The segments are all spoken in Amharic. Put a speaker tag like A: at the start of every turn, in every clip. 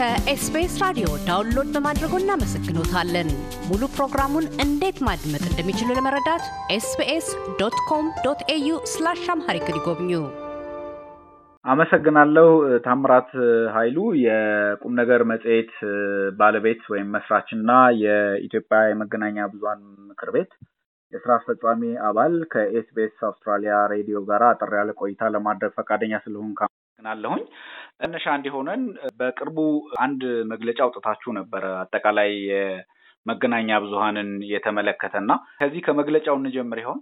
A: ከኤስቢኤስ ራዲዮ ዳውንሎድ በማድረጎ እናመሰግኖታለን። ሙሉ ፕሮግራሙን እንዴት ማድመጥ እንደሚችሉ ለመረዳት ኤስቢኤስ ዶት ኮም ዶት ኤዩ ስላሽ አምሃሪክ ይጎብኙ። አመሰግናለሁ። ታምራት ኃይሉ የቁም ነገር መጽሔት ባለቤት ወይም መስራችና የኢትዮጵያ የመገናኛ ብዙሃን ምክር ቤት የስራ አስፈጻሚ አባል ከኤስቢኤስ አውስትራሊያ ሬዲዮ ጋር አጠር ያለ ቆይታ ለማድረግ ፈቃደኛ ስለሆን አመሰግናለሁኝ። መነሻ እንዲሆነን በቅርቡ አንድ መግለጫ አውጥታችሁ ነበረ አጠቃላይ መገናኛ የተመለከተ የተመለከተና ከዚህ ከመግለጫው እንጀምር ይሆን?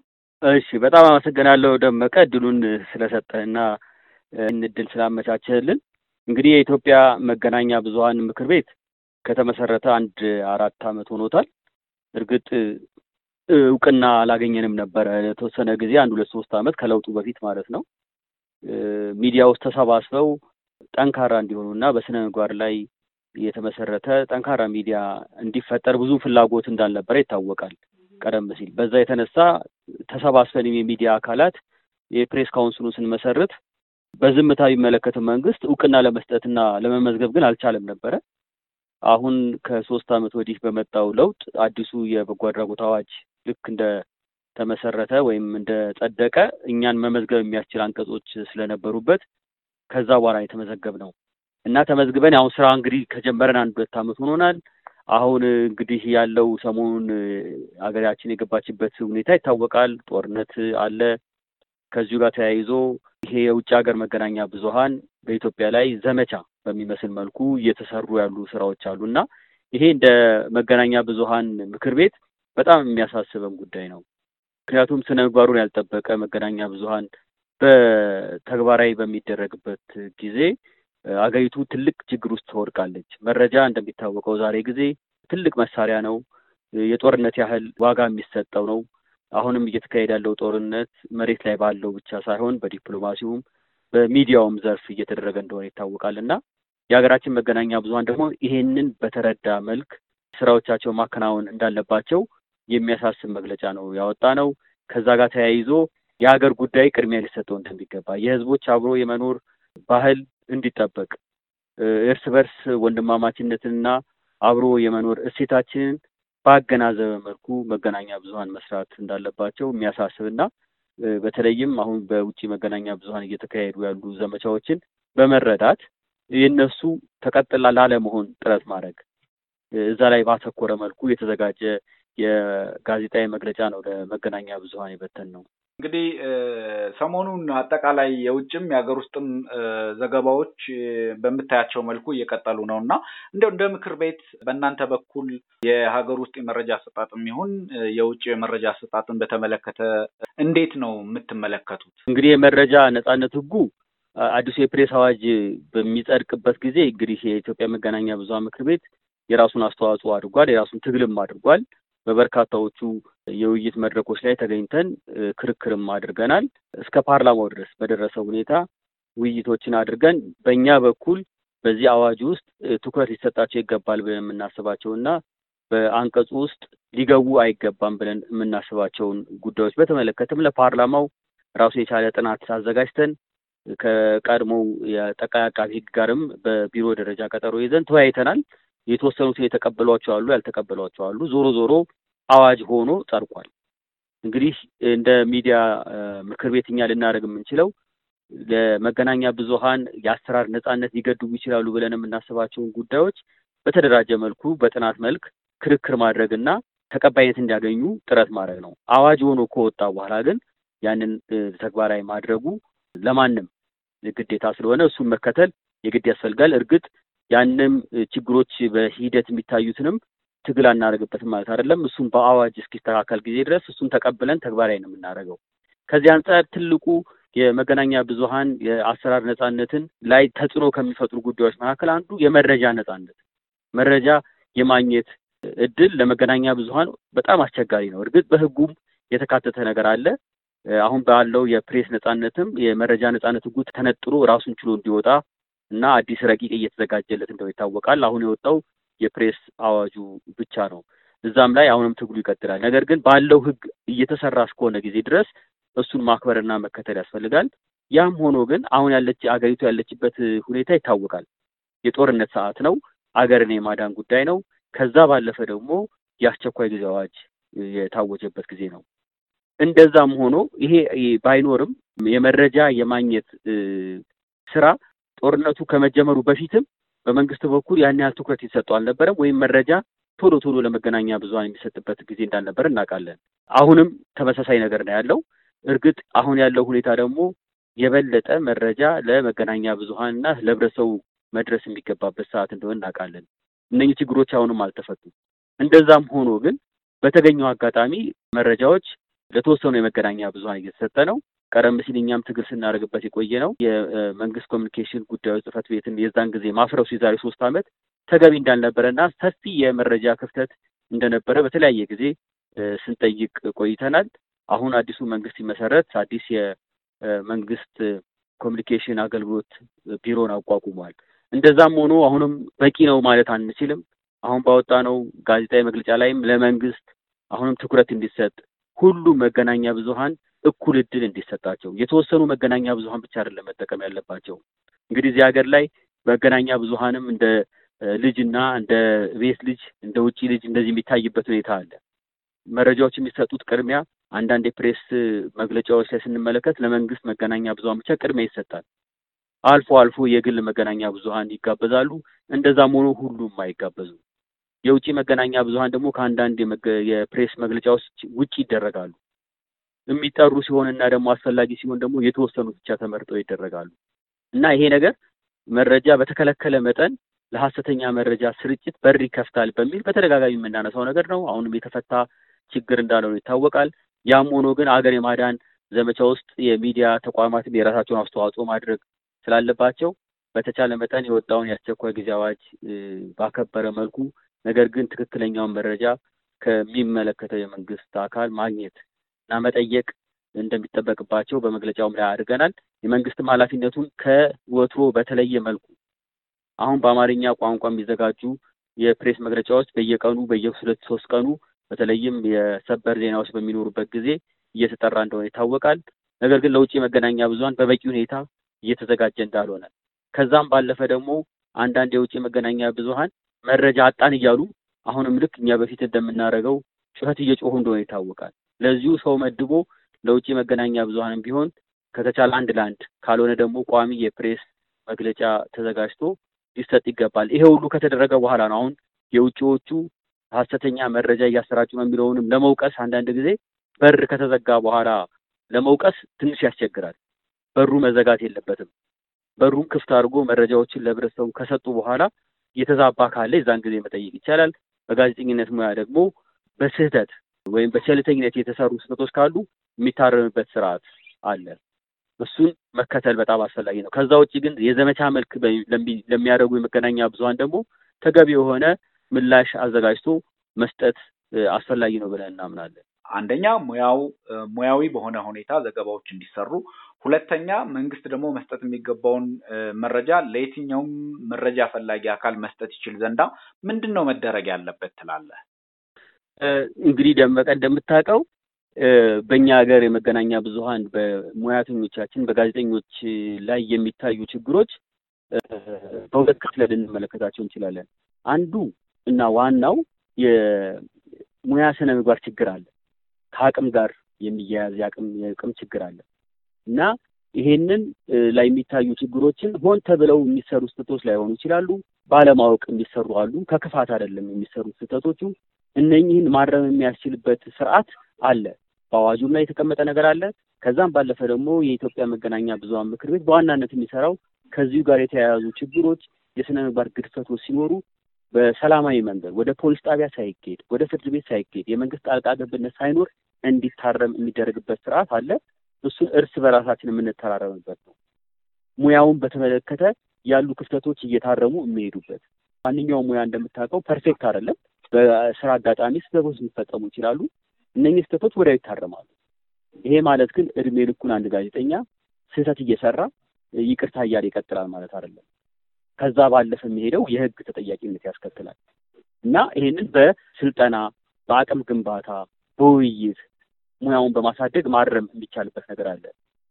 B: እሺ፣ በጣም አመሰግናለሁ ደመቀ እድሉን ስለሰጠህና እንድል ስላመቻቸህልን። እንግዲህ የኢትዮጵያ መገናኛ ብዙሀን ምክር ቤት ከተመሰረተ አንድ አራት አመት ሆኖታል። እርግጥ እውቅና አላገኘንም ነበረ ለተወሰነ ጊዜ አንድ ሁለት ሶስት አመት ከለውጡ በፊት ማለት ነው። ሚዲያ ውስጥ ተሰባስበው ጠንካራ እንዲሆኑ እና በስነ ምግባር ላይ የተመሰረተ ጠንካራ ሚዲያ እንዲፈጠር ብዙ ፍላጎት እንዳልነበረ ይታወቃል። ቀደም ሲል በዛ የተነሳ ተሰባስበንም የሚዲያ አካላት የፕሬስ ካውንስሉን ስንመሰርት በዝምታ ቢመለከትም መንግስት እውቅና ለመስጠትና ለመመዝገብ ግን አልቻለም ነበረ። አሁን ከሶስት ዓመት ወዲህ በመጣው ለውጥ አዲሱ የበጎ አድራጎት አዋጅ ልክ እንደ ተመሰረተ ወይም እንደ ጸደቀ እኛን መመዝገብ የሚያስችል አንቀጾች ስለነበሩበት ከዛ በኋላ የተመዘገብ ነው እና ተመዝግበን አሁን ስራ እንግዲህ ከጀመረን አንድ ሁለት ዓመት ሆኖናል። አሁን እንግዲህ ያለው ሰሞኑን ሀገራችን የገባችበት ሁኔታ ይታወቃል። ጦርነት አለ። ከዚሁ ጋር ተያይዞ ይሄ የውጭ ሀገር መገናኛ ብዙሀን በኢትዮጵያ ላይ ዘመቻ በሚመስል መልኩ እየተሰሩ ያሉ ስራዎች አሉ እና ይሄ እንደ መገናኛ ብዙሀን ምክር ቤት በጣም የሚያሳስበን ጉዳይ ነው። ምክንያቱም ስነ ምግባሩን ያልጠበቀ መገናኛ ብዙሀን በተግባራዊ በሚደረግበት ጊዜ አገሪቱ ትልቅ ችግር ውስጥ ትወድቃለች። መረጃ እንደሚታወቀው ዛሬ ጊዜ ትልቅ መሳሪያ ነው። የጦርነት ያህል ዋጋ የሚሰጠው ነው። አሁንም እየተካሄደ ያለው ጦርነት መሬት ላይ ባለው ብቻ ሳይሆን በዲፕሎማሲውም በሚዲያውም ዘርፍ እየተደረገ እንደሆነ ይታወቃል እና የሀገራችን መገናኛ ብዙኃን ደግሞ ይሄንን በተረዳ መልክ ስራዎቻቸው ማከናወን እንዳለባቸው የሚያሳስብ መግለጫ ነው ያወጣ ነው። ከዛ ጋር ተያይዞ የሀገር ጉዳይ ቅድሚያ ሊሰጠው እንደሚገባ፣ የህዝቦች አብሮ የመኖር ባህል እንዲጠበቅ፣ እርስ በርስ ወንድማማችነትንና አብሮ የመኖር እሴታችንን ባገናዘበ መልኩ መገናኛ ብዙሀን መስራት እንዳለባቸው የሚያሳስብና በተለይም አሁን በውጭ መገናኛ ብዙሀን እየተካሄዱ ያሉ ዘመቻዎችን በመረዳት የእነሱ ተቀጥላ ላለመሆን ጥረት ማድረግ እዛ ላይ ባተኮረ መልኩ የተዘጋጀ የጋዜጣዊ መግለጫ ነው ለመገናኛ ብዙሀን የበተን ነው።
A: እንግዲህ ሰሞኑን አጠቃላይ የውጭም የሀገር ውስጥም ዘገባዎች በምታያቸው መልኩ እየቀጠሉ ነው እና እንደው እንደ ምክር ቤት በእናንተ በኩል የሀገር ውስጥ የመረጃ አሰጣጥም ይሁን የውጭ የመረጃ አሰጣጥን በተመለከተ እንዴት ነው የምትመለከቱት?
B: እንግዲህ የመረጃ
A: ነጻነት ህጉ አዲሱ የፕሬስ አዋጅ
B: በሚጸድቅበት ጊዜ እንግዲህ የኢትዮጵያ መገናኛ ብዙሃን ምክር ቤት የራሱን አስተዋጽኦ አድርጓል። የራሱን ትግልም አድርጓል። በበርካታዎቹ የውይይት መድረኮች ላይ ተገኝተን ክርክርም አድርገናል። እስከ ፓርላማው ድረስ በደረሰ ሁኔታ ውይይቶችን አድርገን በእኛ በኩል በዚህ አዋጅ ውስጥ ትኩረት ሊሰጣቸው ይገባል ብለን የምናስባቸው እና በአንቀጹ ውስጥ ሊገቡ አይገባም ብለን የምናስባቸውን ጉዳዮች በተመለከተም ለፓርላማው ራሱ የቻለ ጥናት አዘጋጅተን ከቀድሞው የጠቅላይ አቃቢ ሕግ ጋርም በቢሮ ደረጃ ቀጠሮ ይዘን ተወያይተናል። የተወሰኑትን የተቀበሏቸው አሉ፣ ያልተቀበሏቸው አሉ። ዞሮ ዞሮ አዋጅ ሆኖ ጸድቋል። እንግዲህ እንደ ሚዲያ ምክር ቤት እኛ ልናደርግ የምንችለው ለመገናኛ ብዙሃን የአሰራር ነጻነት ሊገድቡ ይችላሉ ብለን የምናስባቸውን ጉዳዮች በተደራጀ መልኩ በጥናት መልክ ክርክር ማድረግና ተቀባይነት እንዲያገኙ ጥረት ማድረግ ነው። አዋጅ ሆኖ ከወጣ በኋላ ግን ያንን ተግባራዊ ማድረጉ ለማንም ግዴታ ስለሆነ እሱን መከተል የግድ ያስፈልጋል። እርግጥ ያንም ችግሮች በሂደት የሚታዩትንም ትግል አናደርግበትም ማለት አይደለም። እሱም በአዋጅ እስኪስተካከል ጊዜ ድረስ እሱን ተቀብለን ተግባራዊ ነው የምናደርገው። ከዚህ አንጻር ትልቁ የመገናኛ ብዙሃን የአሰራር ነጻነትን ላይ ተጽዕኖ ከሚፈጥሩ ጉዳዮች መካከል አንዱ የመረጃ ነጻነት፣ መረጃ የማግኘት እድል ለመገናኛ ብዙሃን በጣም አስቸጋሪ ነው። እርግጥ በህጉም የተካተተ ነገር አለ። አሁን ባለው የፕሬስ ነጻነትም የመረጃ ነጻነት ህጉ ተነጥሮ ራሱን ችሎ እንዲወጣ እና አዲስ ረቂቅ እየተዘጋጀለት እንደው ይታወቃል። አሁን የወጣው የፕሬስ አዋጁ ብቻ ነው። እዛም ላይ አሁንም ትግሉ ይቀጥላል። ነገር ግን ባለው ህግ እየተሰራ እስከሆነ ጊዜ ድረስ እሱን ማክበርና መከተል ያስፈልጋል። ያም ሆኖ ግን አሁን ያለች አገሪቱ ያለችበት ሁኔታ ይታወቃል። የጦርነት ሰዓት ነው። አገርን የማዳን ጉዳይ ነው። ከዛ ባለፈ ደግሞ የአስቸኳይ ጊዜ አዋጅ የታወጀበት ጊዜ ነው። እንደዛም ሆኖ ይሄ ባይኖርም የመረጃ የማግኘት ስራ ጦርነቱ ከመጀመሩ በፊትም በመንግስት በኩል ያን ያህል ትኩረት ይሰጠው አልነበረም፣ ወይም መረጃ ቶሎ ቶሎ ለመገናኛ ብዙኃን የሚሰጥበት ጊዜ እንዳልነበር እናውቃለን። አሁንም ተመሳሳይ ነገር ነው ያለው። እርግጥ አሁን ያለው ሁኔታ ደግሞ የበለጠ መረጃ ለመገናኛ ብዙኃንና ለህብረተሰቡ መድረስ የሚገባበት ሰዓት እንደሆነ እናውቃለን። እነኚህ ችግሮች አሁንም አልተፈቱም። እንደዛም ሆኖ ግን በተገኘው አጋጣሚ መረጃዎች ለተወሰኑ የመገናኛ ብዙሀን እየተሰጠ ነው። ቀደም ሲል እኛም ትግል ስናደርግበት የቆየ ነው። የመንግስት ኮሚኒኬሽን ጉዳዮች ጽህፈት ቤትን የዛን ጊዜ ማፍረሱ የዛሬ ሶስት ዓመት ተገቢ እንዳልነበረ እና ሰፊ የመረጃ ክፍተት እንደነበረ በተለያየ ጊዜ ስንጠይቅ ቆይተናል። አሁን አዲሱ መንግስት ሲመሰረት አዲስ የመንግስት ኮሚኒኬሽን አገልግሎት ቢሮን አቋቁሟል። እንደዛም ሆኖ አሁንም በቂ ነው ማለት አንችልም። አሁን ባወጣነው ጋዜጣዊ መግለጫ ላይም ለመንግስት አሁንም ትኩረት እንዲሰጥ ሁሉ መገናኛ ብዙሃን እኩል እድል እንዲሰጣቸው የተወሰኑ መገናኛ ብዙሀን ብቻ አይደለም መጠቀም ያለባቸው። እንግዲህ እዚህ ሀገር ላይ መገናኛ ብዙሀንም እንደ ልጅና እንደ ቤት ልጅ እንደ ውጭ ልጅ እንደዚህ የሚታይበት ሁኔታ አለ። መረጃዎች የሚሰጡት ቅድሚያ አንዳንድ የፕሬስ መግለጫዎች ላይ ስንመለከት ለመንግስት መገናኛ ብዙሀን ብቻ ቅድሚያ ይሰጣል። አልፎ አልፎ የግል መገናኛ ብዙሀን ይጋበዛሉ። እንደዛም ሆኖ ሁሉም አይጋበዙ። የውጭ መገናኛ ብዙሀን ደግሞ ከአንዳንድ የፕሬስ መግለጫዎች ውጭ ይደረጋሉ። የሚጠሩ ሲሆን እና ደግሞ አስፈላጊ ሲሆን ደግሞ የተወሰኑት ብቻ ተመርጠው ይደረጋሉ እና ይሄ ነገር መረጃ በተከለከለ መጠን ለሀሰተኛ መረጃ ስርጭት በር ይከፍታል በሚል በተደጋጋሚ የምናነሳው ነገር ነው። አሁንም የተፈታ ችግር እንዳልሆነ ይታወቃል። ያም ሆኖ ግን አገር የማዳን ዘመቻ ውስጥ የሚዲያ ተቋማትም የራሳቸውን አስተዋጽኦ ማድረግ ስላለባቸው በተቻለ መጠን የወጣውን የአስቸኳይ ጊዜ አዋጅ ባከበረ መልኩ ነገር ግን ትክክለኛውን መረጃ ከሚመለከተው የመንግስት አካል ማግኘት እና መጠየቅ እንደሚጠበቅባቸው በመግለጫውም ላይ አድርገናል። የመንግስትም ኃላፊነቱን ከወትሮ በተለየ መልኩ አሁን በአማርኛ ቋንቋ የሚዘጋጁ የፕሬስ መግለጫዎች በየቀኑ በየሁለት ሶስት ቀኑ በተለይም የሰበር ዜናዎች በሚኖሩበት ጊዜ እየተጠራ እንደሆነ ይታወቃል። ነገር ግን ለውጭ መገናኛ ብዙሀን በበቂ ሁኔታ እየተዘጋጀ እንዳልሆነ ከዛም ባለፈ ደግሞ አንዳንድ የውጭ መገናኛ ብዙሀን መረጃ አጣን እያሉ አሁንም ልክ እኛ በፊት እንደምናደርገው ጩኸት እየጮሁ እንደሆነ ይታወቃል። ለዚሁ ሰው መድቦ ለውጭ መገናኛ ብዙኃንም ቢሆን ከተቻለ አንድ ለአንድ ካልሆነ ደግሞ ቋሚ የፕሬስ መግለጫ ተዘጋጅቶ ሊሰጥ ይገባል። ይሄ ሁሉ ከተደረገ በኋላ ነው አሁን የውጭዎቹ ሀሰተኛ መረጃ እያሰራጩ ነው የሚለውንም ለመውቀስ አንዳንድ ጊዜ በር ከተዘጋ በኋላ ለመውቀስ ትንሽ ያስቸግራል። በሩ መዘጋት የለበትም። በሩን ክፍት አድርጎ መረጃዎችን ለህብረተሰቡ ከሰጡ በኋላ የተዛባ ካለ የዛን ጊዜ መጠየቅ ይቻላል። በጋዜጠኝነት ሙያ ደግሞ በስህተት ወይም በቸልተኝነት የተሰሩ ስህተቶች ካሉ የሚታረምበት ስርዓት አለ። እሱን መከተል በጣም አስፈላጊ ነው። ከዛ ውጭ ግን የዘመቻ መልክ ለሚያደርጉ የመገናኛ ብዙኃን ደግሞ ተገቢ የሆነ ምላሽ አዘጋጅቶ መስጠት
A: አስፈላጊ ነው ብለን እናምናለን። አንደኛ ሙያው ሙያዊ በሆነ ሁኔታ ዘገባዎች እንዲሰሩ፣ ሁለተኛ መንግስት ደግሞ መስጠት የሚገባውን መረጃ ለየትኛውም መረጃ ፈላጊ አካል መስጠት ይችል ዘንዳ ምንድን ነው መደረግ ያለበት ትላለህ?
B: እንግዲህ ደመቀ
A: እንደምታውቀው በእኛ ሀገር የመገናኛ ብዙሀን
B: በሙያተኞቻችን በጋዜጠኞች ላይ የሚታዩ ችግሮች በሁለት ክፍለ ልንመለከታቸው እንችላለን። አንዱ እና ዋናው የሙያ ስነ ምግባር ችግር አለ። ከአቅም ጋር የሚያያዝ የአቅም ችግር አለ እና ይሄንን ላይ የሚታዩ ችግሮችን ሆን ተብለው የሚሰሩ ስህተቶች ላይሆኑ ይችላሉ። ባለማወቅ የሚሰሩ አሉ። ከክፋት አይደለም የሚሰሩ ስህተቶቹ እነኚህን ማረም የሚያስችልበት ስርዓት አለ። በአዋጁም ላይ የተቀመጠ ነገር አለ። ከዛም ባለፈ ደግሞ የኢትዮጵያ መገናኛ ብዙሃን ምክር ቤት በዋናነት የሚሰራው ከዚሁ ጋር የተያያዙ ችግሮች፣ የስነ ምግባር ግድፈቶች ሲኖሩ በሰላማዊ መንገድ ወደ ፖሊስ ጣቢያ ሳይኬድ፣ ወደ ፍርድ ቤት ሳይኬድ፣ የመንግስት ጣልቃ ገብነት ሳይኖር እንዲታረም የሚደረግበት ስርዓት አለ። እሱን እርስ በራሳችን የምንተራረምበት ነው። ሙያውን በተመለከተ ያሉ ክፍተቶች እየታረሙ የሚሄዱበት ማንኛውም ሙያ እንደምታውቀው ፐርፌክት አይደለም። በስራ አጋጣሚ ስህተቶች ሊፈጸሙ ይችላሉ። እነኚህ ስህተቶች ወዲያው ይታረማሉ። ይሄ ማለት ግን እድሜ ልኩን አንድ ጋዜጠኛ ስህተት እየሰራ ይቅርታ እያለ ይቀጥላል ማለት አይደለም። ከዛ ባለፈ የሚሄደው የህግ ተጠያቂነት ያስከትላል እና ይሄንን በስልጠና በአቅም ግንባታ በውይይት ሙያውን በማሳደግ ማረም የሚቻልበት ነገር አለ።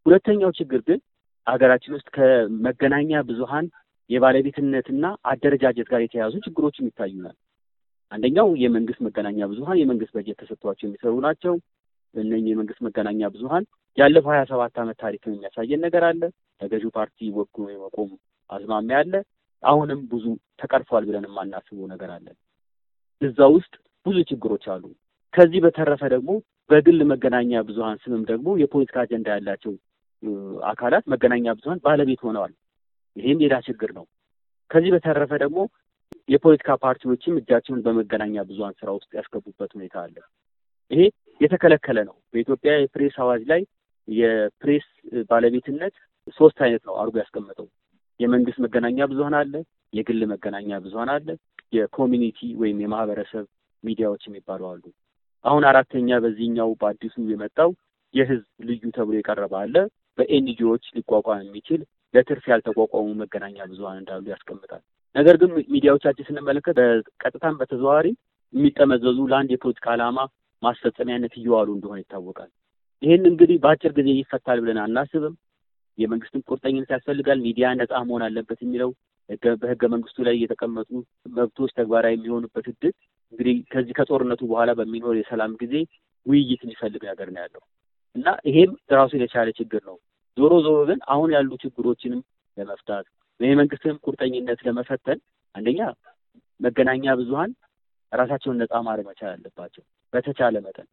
B: ሁለተኛው ችግር ግን ሀገራችን ውስጥ ከመገናኛ ብዙሃን የባለቤትነትና አደረጃጀት ጋር የተያያዙ ችግሮችም ይታዩናል። አንደኛው የመንግስት መገናኛ ብዙሀን የመንግስት በጀት ተሰጥቷቸው የሚሰሩ ናቸው። እነኝህ የመንግስት መገናኛ ብዙሀን ያለፈው ሀያ ሰባት ዓመት ታሪክን የሚያሳየን ነገር አለ። ለገዢው ፓርቲ ወግኖ የመቆም አዝማሚያ አለ። አሁንም ብዙ ተቀርፏል ብለን የማናስበው ነገር አለ። እዛ ውስጥ ብዙ ችግሮች አሉ። ከዚህ በተረፈ ደግሞ በግል መገናኛ ብዙሀን ስምም ደግሞ የፖለቲካ አጀንዳ ያላቸው አካላት መገናኛ ብዙሀን ባለቤት ሆነዋል። ይህም ሌላ ችግር ነው። ከዚህ በተረፈ ደግሞ የፖለቲካ ፓርቲዎችም እጃቸውን በመገናኛ ብዙሀን ስራ ውስጥ ያስገቡበት ሁኔታ አለ። ይሄ የተከለከለ ነው። በኢትዮጵያ የፕሬስ አዋጅ ላይ የፕሬስ ባለቤትነት ሶስት አይነት ነው አድርጎ ያስቀመጠው። የመንግስት መገናኛ ብዙሀን አለ፣ የግል መገናኛ ብዙሀን አለ፣ የኮሚኒቲ ወይም የማህበረሰብ ሚዲያዎች የሚባሉ አሉ። አሁን አራተኛ በዚህኛው በአዲሱ የመጣው የህዝብ ልዩ ተብሎ የቀረበ አለ። በኤንጂዎች ሊቋቋም የሚችል ለትርፍ ያልተቋቋሙ መገናኛ ብዙሀን እንዳሉ ያስቀምጣል። ነገር ግን ሚዲያዎቻችን ስንመለከት በቀጥታም በተዘዋዋሪ የሚጠመዘዙ ለአንድ የፖለቲካ ዓላማ ማስፈጸሚያነት እየዋሉ እንደሆነ ይታወቃል። ይህን እንግዲህ በአጭር ጊዜ ይፈታል ብለን አናስብም። የመንግስትን ቁርጠኝነት ያስፈልጋል። ሚዲያ ነጻ መሆን አለበት የሚለው በህገ መንግስቱ ላይ የተቀመጡ መብቶች ተግባራዊ የሚሆኑበት እድል እንግዲህ ከዚህ ከጦርነቱ በኋላ በሚኖር የሰላም ጊዜ ውይይት የሚፈልግ ነገር ነው ያለው እና ይሄም ራሱን የቻለ ችግር ነው። ዞሮ ዞሮ ግን አሁን ያሉ ችግሮችንም ለመፍታት የመንግስትንም ቁርጠኝነት ለመፈተን አንደኛ መገናኛ ብዙሀን ራሳቸውን ነፃ ማድረግ መቻል አለባቸው። በተቻለ መጠን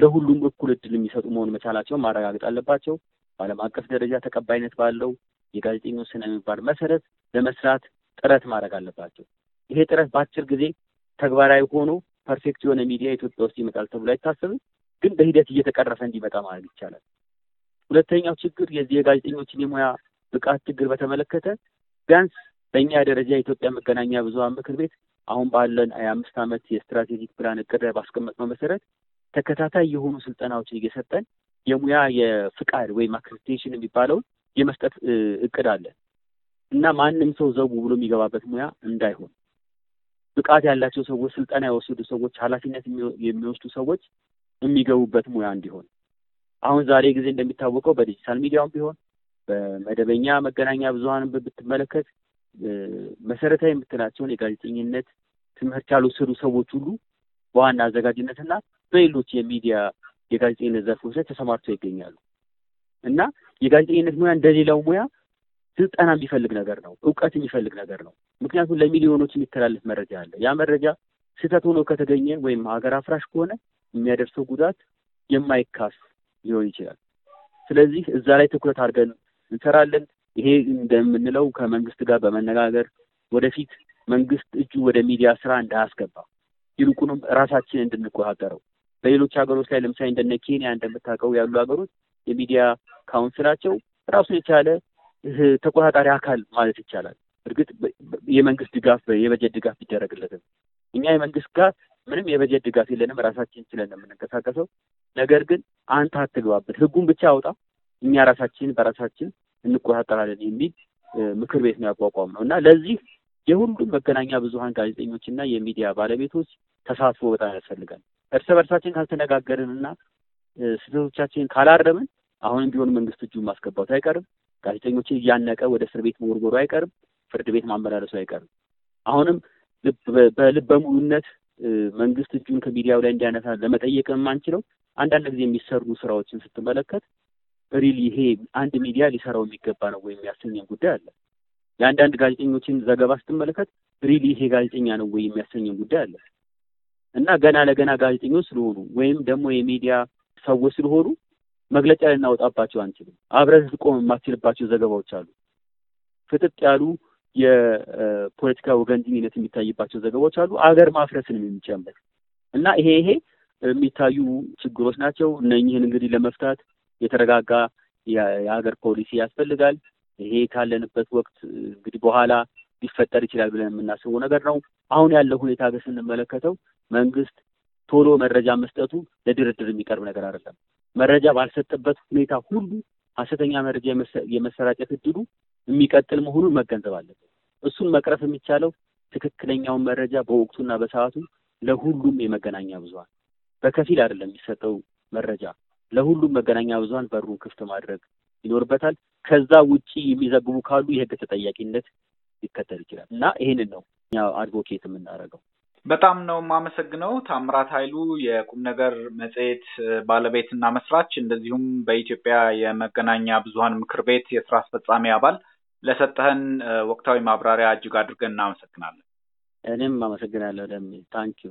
B: ለሁሉም እኩል እድል የሚሰጡ መሆን መቻላቸውን ማረጋገጥ አለባቸው። በአለም አቀፍ ደረጃ ተቀባይነት ባለው የጋዜጠኞች ስነ ምግባር መሰረት ለመስራት ጥረት ማድረግ አለባቸው። ይሄ ጥረት በአጭር ጊዜ ተግባራዊ ሆኖ ፐርፌክት የሆነ ሚዲያ ኢትዮጵያ ውስጥ ይመጣል ተብሎ አይታሰብም፣ ግን በሂደት እየተቀረፈ እንዲመጣ ማድረግ ይቻላል። ሁለተኛው ችግር የዚህ የጋዜጠኞችን የሙያ ብቃት ችግር በተመለከተ ቢያንስ በእኛ ደረጃ የኢትዮጵያ መገናኛ ብዙሀን ምክር ቤት አሁን ባለን የአምስት ዓመት የስትራቴጂክ ፕላን እቅድ ላይ ባስቀመጥነው መሰረት ተከታታይ የሆኑ ስልጠናዎችን እየሰጠን የሙያ የፍቃድ ወይም አክሬዲቴሽን የሚባለውን የመስጠት እቅድ አለን እና ማንም ሰው ዘቡ ብሎ የሚገባበት ሙያ እንዳይሆን ብቃት ያላቸው ሰዎች፣ ስልጠና የወሰዱ ሰዎች፣ ኃላፊነት የሚወስዱ ሰዎች የሚገቡበት ሙያ እንዲሆን አሁን ዛሬ ጊዜ እንደሚታወቀው በዲጂታል ሚዲያውም ቢሆን በመደበኛ መገናኛ ብዙኃን ብትመለከት መሰረታዊ የምትላቸውን የጋዜጠኝነት ትምህርት ያልወሰዱ ሰዎች ሁሉ በዋና አዘጋጅነትና በሌሎች የሚዲያ የጋዜጠኝነት ዘርፎች ላይ ተሰማርተው ይገኛሉ እና የጋዜጠኝነት ሙያ እንደሌላው ሙያ ስልጠና የሚፈልግ ነገር ነው። እውቀት የሚፈልግ ነገር ነው። ምክንያቱም ለሚሊዮኖች የሚተላለፍ መረጃ አለ። ያ መረጃ ስህተት ሆኖ ከተገኘ ወይም ሀገር አፍራሽ ከሆነ የሚያደርሰው ጉዳት የማይካስ ሊሆን ይችላል። ስለዚህ እዛ ላይ ትኩረት አድርገን እንሰራለን። ይሄ እንደምንለው ከመንግስት ጋር በመነጋገር ወደፊት መንግስት እጁ ወደ ሚዲያ ስራ እንዳያስገባ ይልቁንም ራሳችን እንድንቆጣጠረው በሌሎች ሀገሮች ላይ ለምሳሌ እንደነ ኬንያ እንደምታውቀው ያሉ ሀገሮች የሚዲያ ካውንስላቸው ራሱን የቻለ ተቆጣጣሪ አካል ማለት ይቻላል። እርግጥ የመንግስት ድጋፍ የበጀት ድጋፍ ቢደረግለትም እኛ የመንግስት ጋር ምንም የበጀት ድጋፍ የለንም፣ ራሳችን ችለን የምንንቀሳቀሰው ነገር ግን አንተ አትግባበት፣ ህጉን ብቻ አውጣ፣ እኛ ራሳችን በራሳችን እንቆጣጠራለን የሚል ምክር ቤት ነው ያቋቋመው ነው እና ለዚህ የሁሉም መገናኛ ብዙሃን ጋዜጠኞች እና የሚዲያ ባለቤቶች ተሳትፎ በጣም ያስፈልጋል። እርስ በርሳችን ካልተነጋገርን እና ስህተቶቻችን ካላረምን አሁንም ቢሆን መንግስት እጁን ማስገባቱ አይቀርም። ጋዜጠኞችን እያነቀ ወደ እስር ቤት መወርወሩ አይቀርም። ፍርድ ቤት ማመላለሱ አይቀርም። አሁንም በልበ ሙሉነት መንግስት እጁን ከሚዲያው ላይ እንዲያነሳ ለመጠየቅ የማንችለው አንዳንድ ጊዜ የሚሰሩ ስራዎችን ስትመለከት ሪል ይሄ አንድ ሚዲያ ሊሰራው የሚገባ ነው ወይ የሚያሰኘን ጉዳይ አለ። የአንዳንድ ጋዜጠኞችን ዘገባ ስትመለከት ሪል ይሄ ጋዜጠኛ ነው ወይ የሚያሰኘን ጉዳይ አለ እና ገና ለገና ጋዜጠኞች ስለሆኑ ወይም ደግሞ የሚዲያ ሰዎች ስለሆኑ መግለጫ ልናወጣባቸው አንችልም። አብረን ልቆም የማትችልባቸው ዘገባዎች አሉ። ፍጥጥ ያሉ የፖለቲካ ወገንተኝነት የሚታይባቸው ዘገባዎች አሉ። አገር ማፍረስንም የሚጨምር እና ይሄ ይሄ የሚታዩ ችግሮች ናቸው። እነኝህን እንግዲህ ለመፍታት የተረጋጋ የሀገር ፖሊሲ ያስፈልጋል። ይሄ ካለንበት ወቅት እንግዲህ በኋላ ሊፈጠር ይችላል ብለን የምናስበው ነገር ነው። አሁን ያለው ሁኔታ ግን ስንመለከተው መንግስት ቶሎ መረጃ መስጠቱ ለድርድር የሚቀርብ ነገር አይደለም። መረጃ ባልሰጠበት ሁኔታ ሁሉ ሀሰተኛ መረጃ የመሰራጨት እድሉ የሚቀጥል መሆኑን መገንዘብ አለበት። እሱን መቅረፍ የሚቻለው ትክክለኛውን መረጃ በወቅቱና በሰዓቱ ለሁሉም የመገናኛ ብዙኃን በከፊል አይደለም የሚሰጠው መረጃ ለሁሉም መገናኛ ብዙሀን በሩን ክፍት ማድረግ
A: ይኖርበታል። ከዛ ውጪ የሚዘግቡ ካሉ የህግ ተጠያቂነት ሊከተል ይችላል እና ይህንን ነው
B: እኛ አድቮኬት የምናደርገው።
A: በጣም ነው የማመሰግነው። ታምራት ኃይሉ የቁም ነገር መጽሔት ባለቤትና መስራች እንደዚሁም በኢትዮጵያ የመገናኛ ብዙሀን ምክር ቤት የስራ አስፈጻሚ አባል ለሰጠህን ወቅታዊ ማብራሪያ እጅግ አድርገን እናመሰግናለን።
B: እኔም አመሰግናለሁ ደሜ ታንኪዩ።